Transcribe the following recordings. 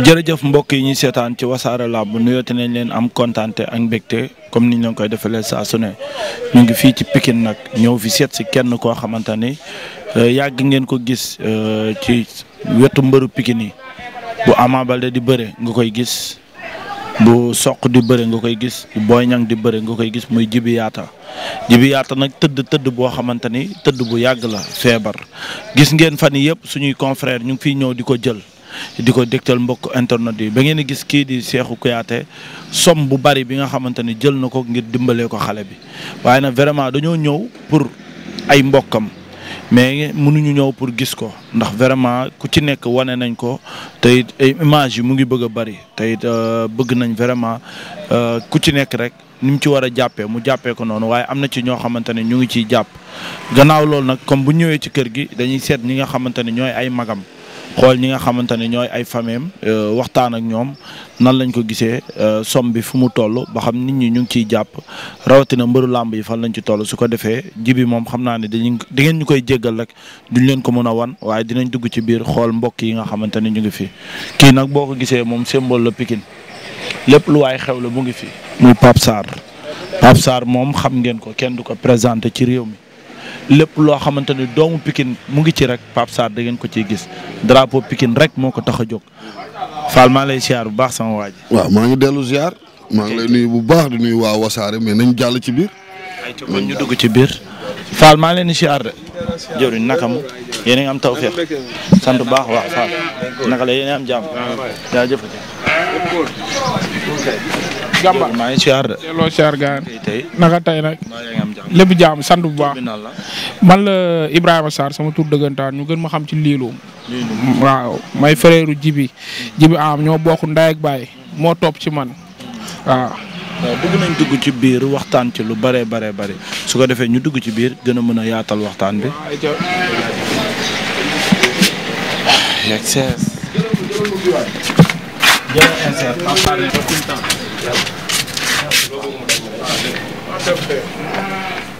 jërëjëf mbokk yi ñuy seetaan ci wasaare làmb nuyooti nañ leen am kontaan ak mbégte comme ni ñu leen koy defalee saa su ne ñu ngi fii ci Pikine nag ñëw fi seet si kenn koo xamante ni euh, yàgg ngeen ko gis euh, ci wetu mbëru Pikine yi bu Ama Baldé di bëre nga koy gis bu soq di bëre nga koy gis bu ñaŋ di bëre nga koy gis muy Jibi Yaata Jibi nag tëdd tëdd boo xamante ni tëdd bu yàgg la feebar gis ngeen fan yii yëpp suñuy confrères ñu ngi fiy ñëw di ko jël. di ko dégtal mbokk internet yi ba ngeen di gis kii di Cheikhou Kouyaté somme bu bari bi nga xamante ni jël na ko ngir dimbalee ko xale bi waaye nag vraiment dañoo ñëw pour ay mbokkam mais mënuñu ñëw pour gis ko ndax vraiment ku ci nekk wane nañ ko te it ay eh, image yi mu ngi bëgg a bari te it euh, bëgg nañ vraiment euh, ku ci nekk rek nu mu ci war a jàppee mu jàppee ko noonu waaye am na ci ñoo xamante ne ñu ngi ciy jàpp. gannaaw loolu nag comme bu ñëwee ci kër gi dañuy seet ñi nga xamante ne ñooy ay magam xool ñi nga xamante ne ñooy ay fameem euh, waxtaan ak ñoom nan lañ ko gisee euh, somme bi fu mu toll ba xam nit ñi ñu ngi ciy jàpp rawatina mbëru làmb yi fan lañ ci toll su ko defee jibi moom xam naa ne dañu di ngeen ñu koy jéggal rek duñ leen ko mën a wan waaye dinañ dugg ci biir xool mbokk yi nga xamante ne ñu ngi fi kii nag boo ko gisee moom symbole la Pikine lépp lu waaye xew la mu ngi fi muy Pape Sarr Pape moom xam ngeen ko kenn du ko présenté ci réew mi lépp loo xamante ni doomu pikin mu ngi ci rek Pape Sarr da ngeen ko ciy gis drapeau pikin rek moo ko tax a jóg Fall maa lay ziar bu baax sama waa ji. waaw maa ngi dellu ziar. maa ngi lay nuyu bu baax di nuyu waa wasaare mais nañ ci biir. ay ca ñu dugg ci biir. Fall maa ngi leen di ziar de. jëriñ naka mu yéen am tawfeex sant bu baax waaw Fall naka la yéen a am jàmm. jaajëf. Gamba maa naka tey nag. lépp jaam sant bu baax. man la Ibrahima Sarr sama tur dëggantaan ñu gën ma xam ci liilu. waaw may frère jibi jibi am ñoo bokk ndey baay moo topp ci man waaw. waaw bëgg nañ ci biir waxtaan ci lu bëree bëree bëri su ko defee ñu dugg ci biir gën a mën a yaatal waxtaan bi.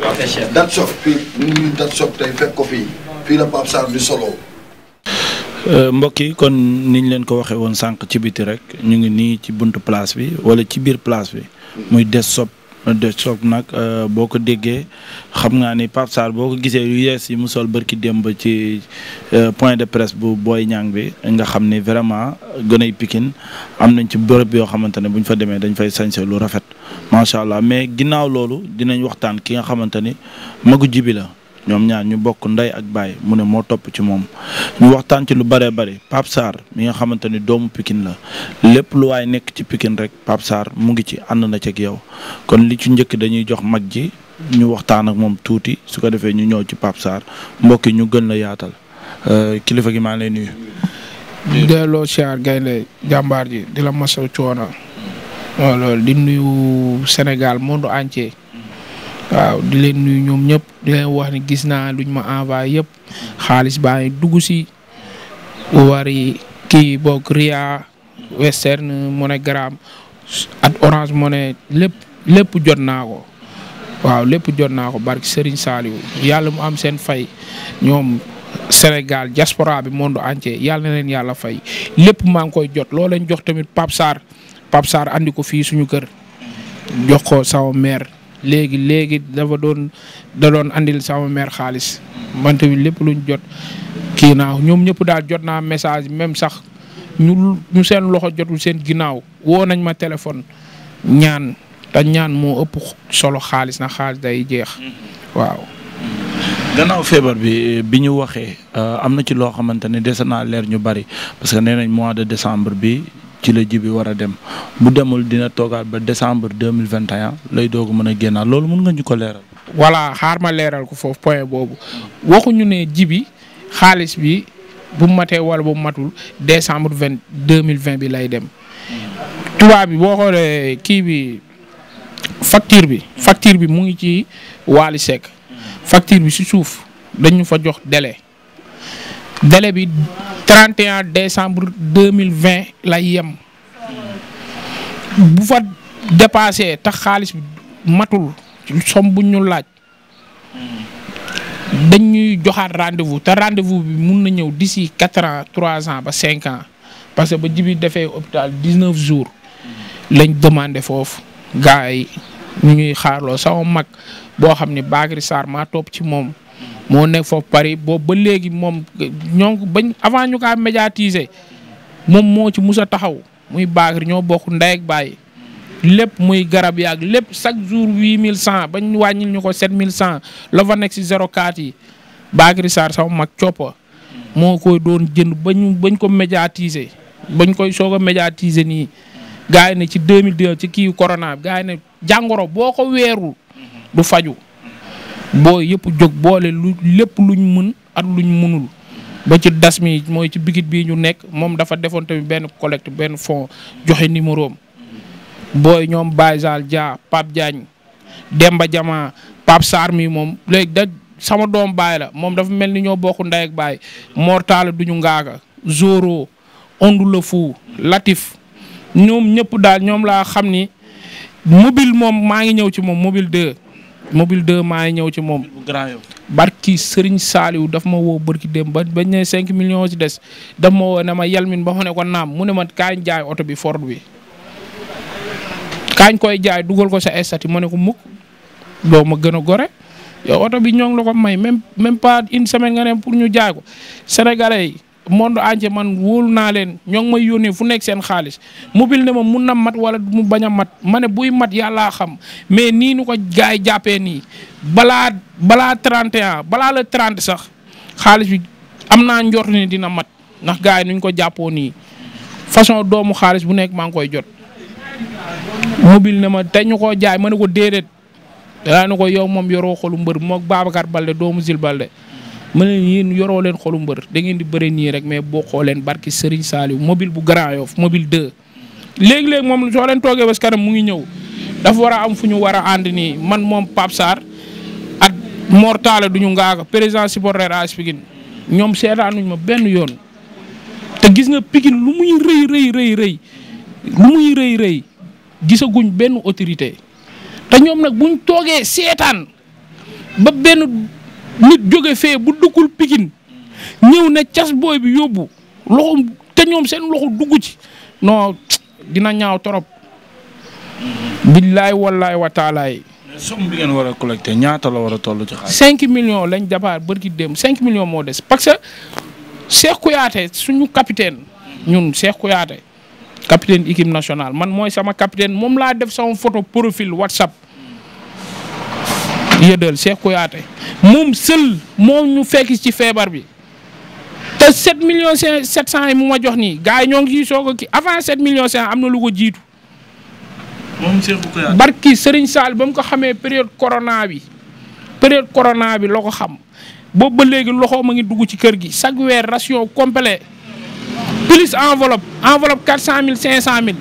waaw dat soog fii ñu ngi dat euh, mbokk yi kon niñ leen ko waxee woon sànq ci biti rek ñu ngi nii ci buntu place bi wala ci biir place bi. muy des sop des sob nag euh, boo ko déggee xam naa ni Pape Sarr boo ko gisee yu yees yi mu sol bërki démb ci euh, point de presse bu booy Niang bi nga xam ni vraiment gën ay Pikine am nañ ci bërëb yoo xamante ne bu ñu fa demee dañ fay sañse lu rafet. macha allah mais ginnaaw loolu dinañ waxtaan ki nga xamante ni magu jibi la ñoom ñaar ñu bokk ndey ak baay mu ne moo topp ci moom ñu waxtaan ci lu bëree bëri Pape Sarr nga xamante ni doomu Pikine la lépp lu waay nekk ci Pikine rek Pape mu ngi ci ànd na ci ak yow kon li ci njëkk dañuy jox mag ji ñu waxtaan ak moom tuuti su ko defee ñu ñëw ci Pape Sarr mbokk yi ñu gën la yaatal euh, kilifa gi maa ngi lay nuyu. delloo siyaar gaynde jàmbaar ji di la masaw coono waaw euh, loolu di nuyu Sénégal monde entier. waaw di leen nuyu ñoom ñëpp leen wax ni gis naa luñ ma envoyé yëpp xaalis baa ngi dugg si wari kii boog Ria Western MoneyGram ak Orange Money lépp lépp jot naa ko. waaw lépp jot naa ko barki Serigne Saliou yàlla mu am seen fay ñoom Sénégal diaspora bi monde entier yàlla na leen yàlla fay lépp maa koy jot loo jox tamit Pape Pape Sarr andi ko fii suñu kër jox ko sama mère léegi léegi dafa doon da doon andil sama mère xaalis man tamit lépp luñ jot kii naa ñoom ñëpp daal jot naa message même sax ñu ñu seen loxo jotul seen ginnaaw woo nañ ma téléphone ñaan te ñaan moo ëpp solo xaalis na xaalis day jeex mm-hmm. waaw. Mm-hmm. gannaaw feebar bi bi ñu waxee euh, am na ci loo xamante ne dese naa leer ñu bari parce que ne nañ mois de décembre bi. ci la ji bi war a dem bu demul dina toogaat ba décembre deux mille vingt et lay doog mën a génnaat loolu mun nga ñu ko leeral. voilà xaar ma leeral ko foofu point boobu waxuñu ne ji bi xaalis bi bu matee wala bu matul décembre vingt deux mille vingt bi lay dem. tubaab bi boo xoolee kii bi facture bi facture bi mu ngi ci Wally Seck facture bi si suuf dañu fa jox délé délai bi 31 décembre 2020 lay yem bu fa dépassé tax xaalis bi matul som bu ñu laaj dañ ñuy joxaat rendez-vous te rendez bi mun na ñëw d'ici 4 ans 3 ans ba 5 ans parce que ba jibi defee hôpital 19 jours lañ demandé foofu gars yi ñu ñuy xaarloo sama mag boo xam ne Bagri Sarr maa topp ci moom. moo nekk foofu pari boobu ba léegi moom ñoo bañ avant ñu kaa médiatiser moom moo ci mus a taxaw muy Bakary ñoo bokk ndey ak baay lépp muy garab yaag lépp chaque jour huit mille cent bañ wàññil ñu ko sept mille cent la fa nekk si zéro quatre yi Bakary Sarr mag coppa moo koy doon jënd bañ bañ ko médiatiser bañ koy soog a médiatiser nii gars ne ci deux mille deux ci kii corona bi gars ne jàngoro boo ko weeru du faju boo yëpp jóg boole lu lépp luñ mën ak luñ mënul ba ci das mi mooy ci bigit bii ñu nekk moom dafa defoon tamit benn collecte benn fond joxe numéro am booy ñoom Baye Sall Dia Pape Diagne Demba Jama Pape Sarr mi moom léegi da sama doom baay la moom dafa mel ni ñoo bokku ndey ak baay Mortala du ñu ngaaga Zoro Ondu la Fou Latif ñoom ñëpp daal ñoom laa xam ni mobile moom maa ngi ñëw ci moom mobile 2. mobile 2 maa ngi ñëw ci moom. barki Serigne Saliou daf ma woo barki dem ba bañ ne 5 millions ci des daf ma woo ne ma yalmin ba xone ko naam mu ne ma kaañ jaay oto bi Ford bi. kaañ koy jaay dugal ko sa estati ma ne ko mukk doo ma gën a gore yow oto bi ñoo ngi la ko may même même pas une semaine nga ne pour ñu jaay ko sénégalais yi. monde entier man wóolu naa leen ñoo ngi may yónnee fu nekk seen xaalis mobile ne ma mun na mat wala mu bañ a mat ma ne buy mat yàllaa xam mais nii nu ko gars yi jàppee nii balaa balaa 31 balaa la 30 sax xaalis bi am naa njort ne dina mat ndax gars yi nuñ ko jàppoo nii façon doomu xaalis bu nekk maa ngi koy jot. mobile ne ma te ñu ko jaay ma ne ko déedéet danaa ne ko yow moom yoroo xolu mbër moog Babacar Balde doomu Zil Balde. ma leen yéen yoroo leen xolu mbër da ngeen di bëre nii rek mais boo xoo leen barki Serigne Saliou mobile bu Grand Yoff mobile 2. léegi-léegi moom soo leen toogee bés kanam mu ngi ñëw dafa war a am fu ñu war a ànd man moom Pape Sarr ak Mortale du ñu ngaaga président supporter AS Pikine ñoom seetaanuñ ma benn yoon. te gis nga Pikine lu muy rëy rëy rëy rëy lu muy rëy rëy gisaguñ benn autorité te ñoom nag buñ toogee seetaan ba benn. nit jóge fee bu duggul pikin ñëw ne cas booy bi yóbbu loxo te ñoom seen loxo dugg ci non dina ñaaw torop billaay wallaay wa taalaay. somme bi ngeen war a collecté ñaata la war a toll ci xaalis. 5 millions lañ dabaar bërki dem 5 millions moo des parce que Cheikh Kouyaté suñu capitaine ñun Cheikh Kouyaté capitaine équipe nationale man mooy sama capitaine moom laa def sama photo profil WhatsApp. yëdal Cheikh Kouyaté moom seul moom ñu fekk ci feebar bi te 7 millions 700 yi mu ma jox nii gars ñoo ngi ciy soog avant 7 millions 500 am na lu ko jiitu. moom Cheikh Kouyaté barki Serigne Sall ba mu ko xamee période corona bi période corona bi la ko xam boobu ba léegi loxo ma ngi dugg ci kër gi chaque weer ration complet plus enveloppe enveloppe 400000 500000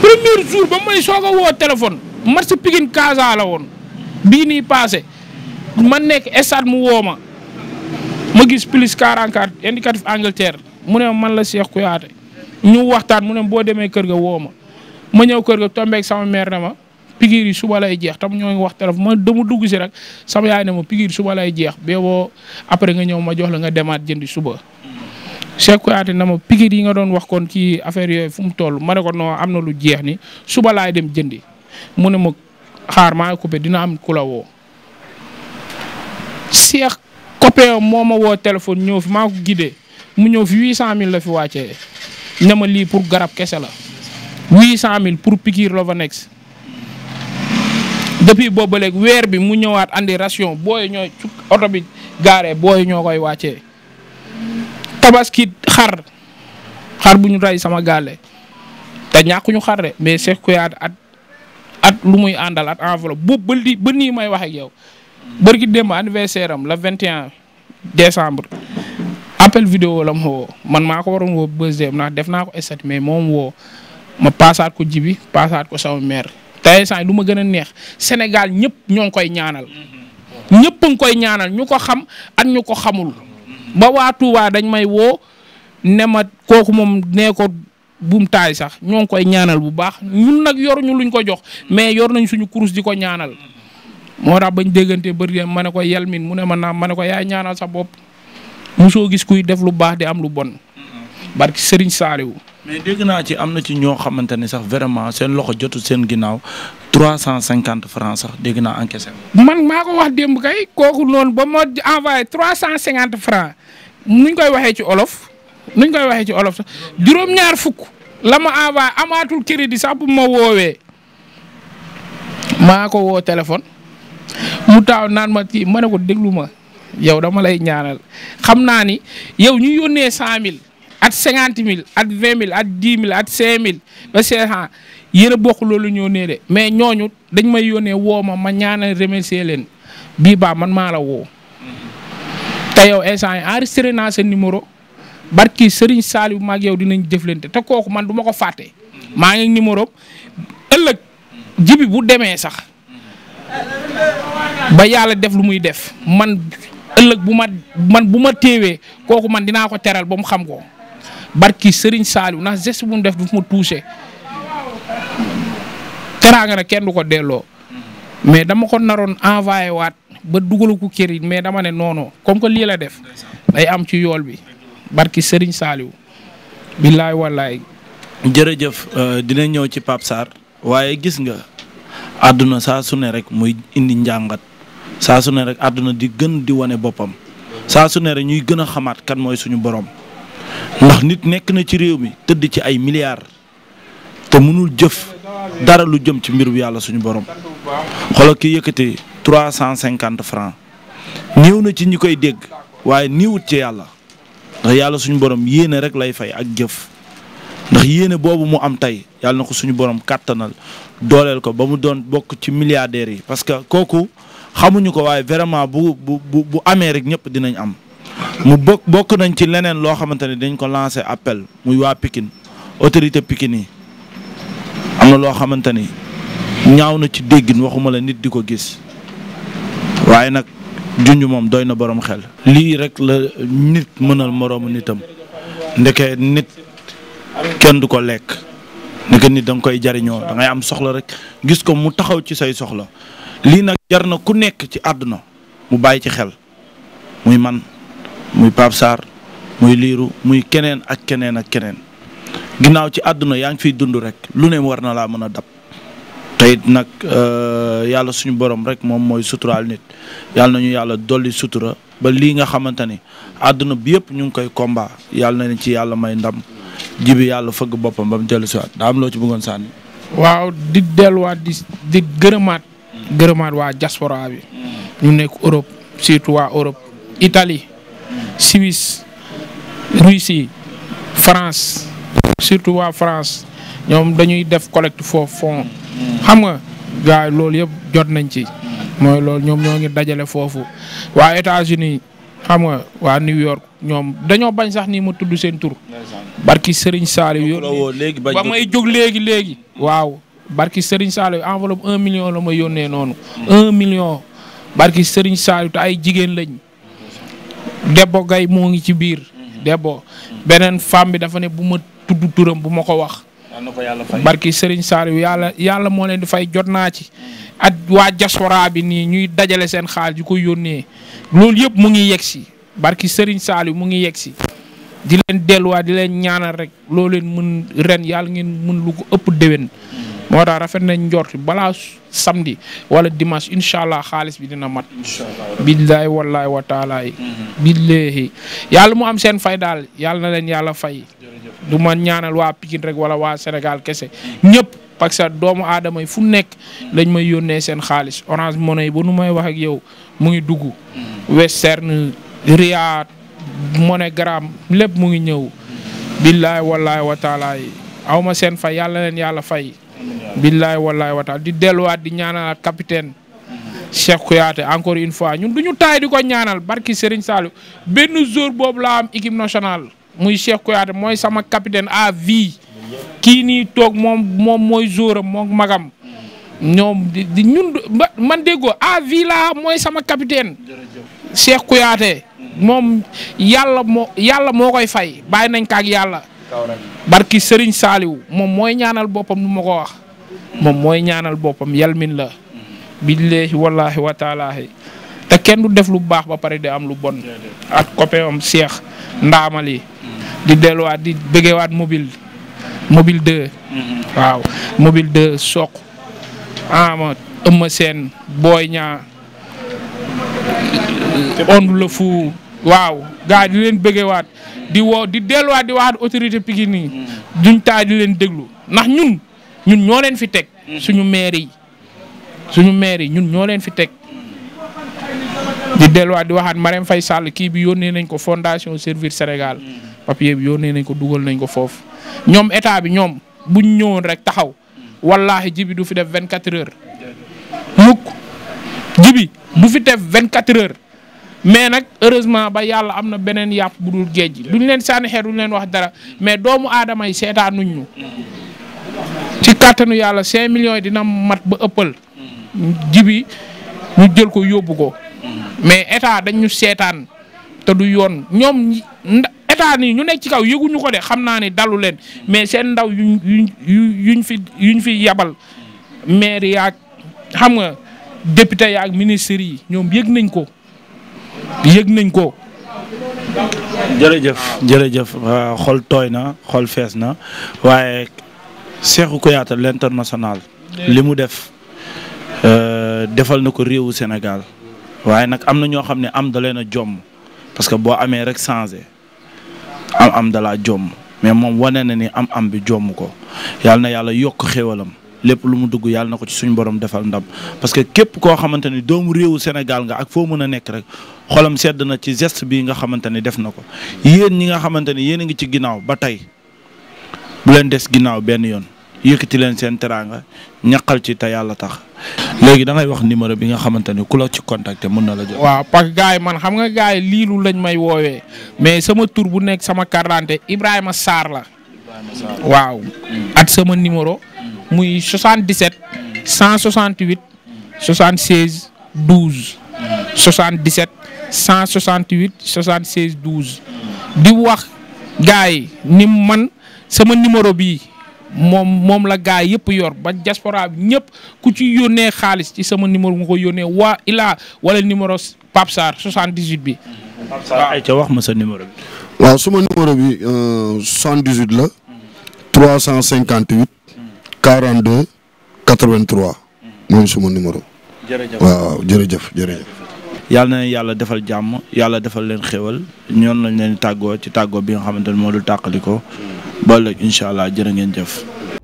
premier jour ba may soog a woo téléphone marché Pikine Casa la woon. bii nii passé man nekk stade mu woo ma ma gis plus 44 indicatif Angleterre mu ne man la Cheikh Kouyaté ñu waxtaan mu ne boo demee kër ga woo ma ma ñëw kër ga tombeeg sama mère na ma pigiir yi suba lay jeex tam ñoo ngi wax téléphone ma dama dugg si rek sama yaay ma pigiir suba lay jeex bee boo après nga ñëw ma jox la nga demaat jëndi suba. Cheikh Kouyaté na ma pigiir yi nga doon wax kon ci affaire yooyu fu mu toll ma ne ko non am na lu jeex nii suba laay dem jëndi mu ne ma xaar maa coupé dina am ku la woo Cheikh copain moo ma woo téléphone ñëw fi maa ko guidé mu ñëw fi 800000 la fi wàccee ne ma lii pour garab kese la cent 800000 pour piqûre Lovanex depuis boobu ba léegi weer bi mu ñëwaat andi ration booy ñooy su bi gaaree booy ñoo koy wàccee tabaski xar xar bu ñu rey sama gaale te ñàkkuñu xar de mais Cheikh Kouyaté at. at lu muy àndal at enveloppe boobu ba li ba nii may wax ak yow bërki démb anniversaire am la 21 décembre appel vidéo la ma man maa ko waroon woo bésdeem ndax def naa ko estat mais moom woo ma paasaat ko jibi paasaat ko sama mère tey saa lu gën a neex Sénégal ñëpp ñoo koy ñaanal ñëpp a koy ñaanal ñu ko xam ak ñu ko xamul ba waa dañ may woo ne ma kooku buum taay sax ñoo ngi koy ñaanal bu baax ñun nag yoruñu luñ ko jox mais yor nañ suñu kurus di ko ñaanal. moo tax bañ déggante bëri ma ne ko yelmin mu ne ma naam ma ne ko yaay ñaanal sa bopp soo gis kuy def lu baax di am lu bon. barki Serigne Saliou. mais dégg naa ci am na ci ñoo xamante ne sax vraiment seen loxo jotul seen ginnaaw trois cent cinquante francs sax dégg naa encaissé. man maa ko wax démb kay kooku noonu ba ma envoyé trois cent cinquante francs nuñ koy waxee ci olof. nuñ koy waxee ci olof sax juróom-ñaar fukk la ma envoyé amaatul crédit sax bu ma woowee maa ko woo téléphone mu taaw naan ma kii ma ne ko déglu ma yow ma lay ñaanal xam naa ni yow ñu yónnee cent mille at cinquante mille at vingt mille at dix mille at cinq mille ba cinq cent yéen a bokk loolu ñoo de mais ñooñu dañ may yónnee woo ma ma ñaanal remercier leen bii man maa la woo te yow instant yi enregistré naa sa numéro. barki Serigne Saliou maag yow dinañ jëflante te kooku man du ma ko fàtte. maa ngi numéro ëllëg jibi bu demee sax ba yàlla def lu muy def man ëllëg bu ma man bu ma téewee kooku man dinaa ko teral ba mu xam ko barki Serigne Saliou na geste bu mu def du ma touché teraanga nag kenn du ko delloo mais dama ko naroon envoyé waat ba dugal ko kër mais dama ne non non comme que lii la def day am ci yool bi. barki Serigne Saliou. billaay wallaay. jërëjëf euh, dina ñëw ci Pape waaye gis nga àdduna saa su ne rek muy indi njàngat saa su ne rek àdduna di gën di wane boppam saa su ne rek ñuy gën a xamaat kan mooy suñu borom ndax nit nekk na ci réew mi tëdd ci ay milliards te mënul jëf dara lu jëm ci mbiru yàlla suñu borom xoolal ki yëkkati cinquante francs néew na ci ñi koy dégg waaye niiwut ci yàlla. ndax yàlla suñu borom yéene rek lay fay ak jëf ndax yéene boobu mu am tey yàlla na ko suñu borom kàttanal dooleel ko ba mu doon bokk ci milliardaires yi parce que kooku xamuñu ko waaye vraiment bu bu bu bu amee rek ñëpp dinañ am. mu bokk bokk nañ ci leneen loo xamante ne dañ ko lancé appel muy waa pikin autorité pikin yi am na loo xamante ni ñaaw na ci déggin waxuma la nit di ko gis waaye nag junj moom doy na boroom xel. lii rek la nit mënal moroomu nitam ndeke nit kenn du ko lekk ndeke nit da koy jariñoo dangay am soxla rek gis ko mu taxaw ci say soxla lii nag jar na ku nekk ci àdduna mu bàyyi ci xel muy man muy Pape Sarr muy liiru muy keneen ak keneen ak keneen ginnaaw ci àdduna yaa ngi fiy dund rek lu ne war na laa mën a dab. teyit nag euh, yàlla suñu borom rek moom mooy suturaal nit yàlla nañu yàlla dolli sutura ba lii nga xamante ni àdduna bi yëpp ñu ngi koy combat yàlla nañu ci yàlla may ndam jibi yàlla fëgg boppam ba mu dellu si waat loo ci bëggoon sànni. waaw di delluwaat di di gërëmaat. gërëmaat waa diaspora bi. ñu nekk Europe surtout waa Europe Italie. Suisse Russie France surtout waa France ñoom dañuy def collecte foofu fond. xam nga gars yi loolu yëpp jot nañ ci. mooy loolu ñoom ñoo ngi dajale foofu waa États-Unis xam nga waa New York ñoom dañoo bañ sax nii ma tudd seen tur. barki Serigne Saliou yónnee ba may jóg léegi léegi. waaw barki Serigne Saliou enveloppe un million la ma yónnee noonu. un million barki sëriñ Saliou te ay jigéen lañ. Debbo Gaye moo ngi ci biir. bo beneen femme bi dafa ne bu ma tudd turam bu ma ko wax. barki Serigne Saliou yàlla yàlla moo leen di fay jot naa ci. ak waa diaspora bi nii ñuy dajale seen xaalis yu ko yónnee loolu yëpp mu ngi yegg si barki Serigne Saliou mu ngi yegg si. di leen delluwaa di leen ñaanal rek loo leen mën ren yàlla ngeen mën lu ko ëpp déwén. moo tax rafet nañ njort balaa samdi wala dimas incha allah xaalis bi dina mat. incha allah billaay mhm. billaahi yàlla mu am seen fay daal yàlla leen yàlla fay. du ma ñaanal waa Pikine rek wala waa Sénégal kese ñëpp parce que doomu aadama yi fu nekk lañ may yónnee seen xaalis Orange Money ba nu may wax ak yow mu ngi dugg. Western Ria MoneyGram lépp mu ngi ñëw. billaay wallaay wataalaay aw ma seen fay yàlla leen yàlla fay. billaay wallaay wataala di delluwaat di ñaanal capitaine. Cheikh Kouyaté encore une fois ñun du ñu taay di ko ñaanal barki Serigne Saliou benn jour boobu laa am équipe nationale. muy Cheikh Kouyaté mooy sama capitaine à vie kii nii toog moom moom mooy jouram moo magam ñoom di ñun man déggoo à vie laa mooy sama capitaine Cheikh Kouyaté moom yàlla moo yàlla moo koy fay bàyyi nañ ko ak yàlla barki Serigne Saliou moom mooy ñaanal boppam nu ma ko wax moom mooy ñaanal boppam yalmin la billaahi wallaahi wa taalaahi te kenn du def lu baax ba pare di am lu bon ak copain am Cheikh ndaamali di delluwaat di bëggewaat mobile mobile 2. Mm-hmm. waaw mobile 2 soq ama ëmma seen la fu waaw gaa di leen bëggewaat di woo di delluwaat di waxaat autorité Pikine yi mm-hmm. duñ taa di leen déglu ndax ñun ñun ñoo leen fi teg mm-hmm. suñu maire yi suñu maire yi ñun ñoo leen fi teg di delluwaat di waxaat Marème fay Sall kii bi yónnee nañ ko fondation Servir Sénégal papier bi nañ ko dugal nañ ko foofu ñoom état bi ñoom buñ ñëwoon rek taxaw wallaahi jibi du fi def vingt quatre heures mukk jibi du fi def vingt quatre heures mais nag heureusement ba yàlla am na beneen yàpp bu dul géej gi duñ leen sànni xeer duñ leen wax dara mais doomu aadama yi seetaanuñ ñu ci kàttanu yàlla cinq millions yi dina mat ba ëppal jibi ñu jël ko yóbbu ko mais état dañ seetaan te du yoon ñoom état nii ñu nekk ci kaw yëguñu ko de xam naa ne dalu leen mais seen ndaw yuñ yuñ yuñ fi yuñ fi yabal maire yaag xam nga député yaag ministre yi ñoom yëg nañ ko yëg nañ ko. jërëjëf jërëjëf xol tooy na xool fees na waaye Cheikhou Kouyaté l'international li mu def euh, defal na ko réewu Sénégal waaye nag am na ñoo xam ne am da leen a jomm parce que boo amee rek changé. am am dalaa jomm mais moom wane na ni am am bi jomm ko yàlla na yàlla yokk xéwalam lépp lu mu dugg yàlla na ko ci suñu borom defal ndam parce que képp koo xamante ni doomu réewu Sénégal nga ak foo mën a nekk rek xolam sedd na ci gest bi nga xamante ni def na ko yéen ñi nga xamante ni yéen a ngi ci ginnaaw ba tey bu leen des ginnaaw benn yoon yëkkati leen seen teraanga ñaqal ci te yàlla tax léegi da ngay wax numéro bi nga xamante ni ku la ci contacter mën na la jot. waaw parce que gars yi man xam nga gars yi liilu lañ may woowee mais sama tur bu nekk sama carte d'identité Ibrahima Sarr la. waaw. Mm. at sama numéro. Mm. muy 77. 168. 76 12. 77 168 76 12. di wax gars yi ni man sama numéro bii. moom moom la gaa yëpp yor ba diaspora bi ñëpp ku ci yónnee xaalis ci sama numéro nga ko yónnee waa ilaa wala numéro Pape Sarr 78 bi. Pape Sarr ay ca wax ma sa numéro bi. waaw suma numéro bi 78 euh, la. 358. 42. 83. mooy suma numéro. waaw jërëjëf. yàlla na yàlla defal jàmm yàlla defal leen xéwal ñoon lañ leen tàggoo ci tàggoo bi nga xamante ne moo dul tàqali ko ba ëllëg incha allah jërë ngeen jëf.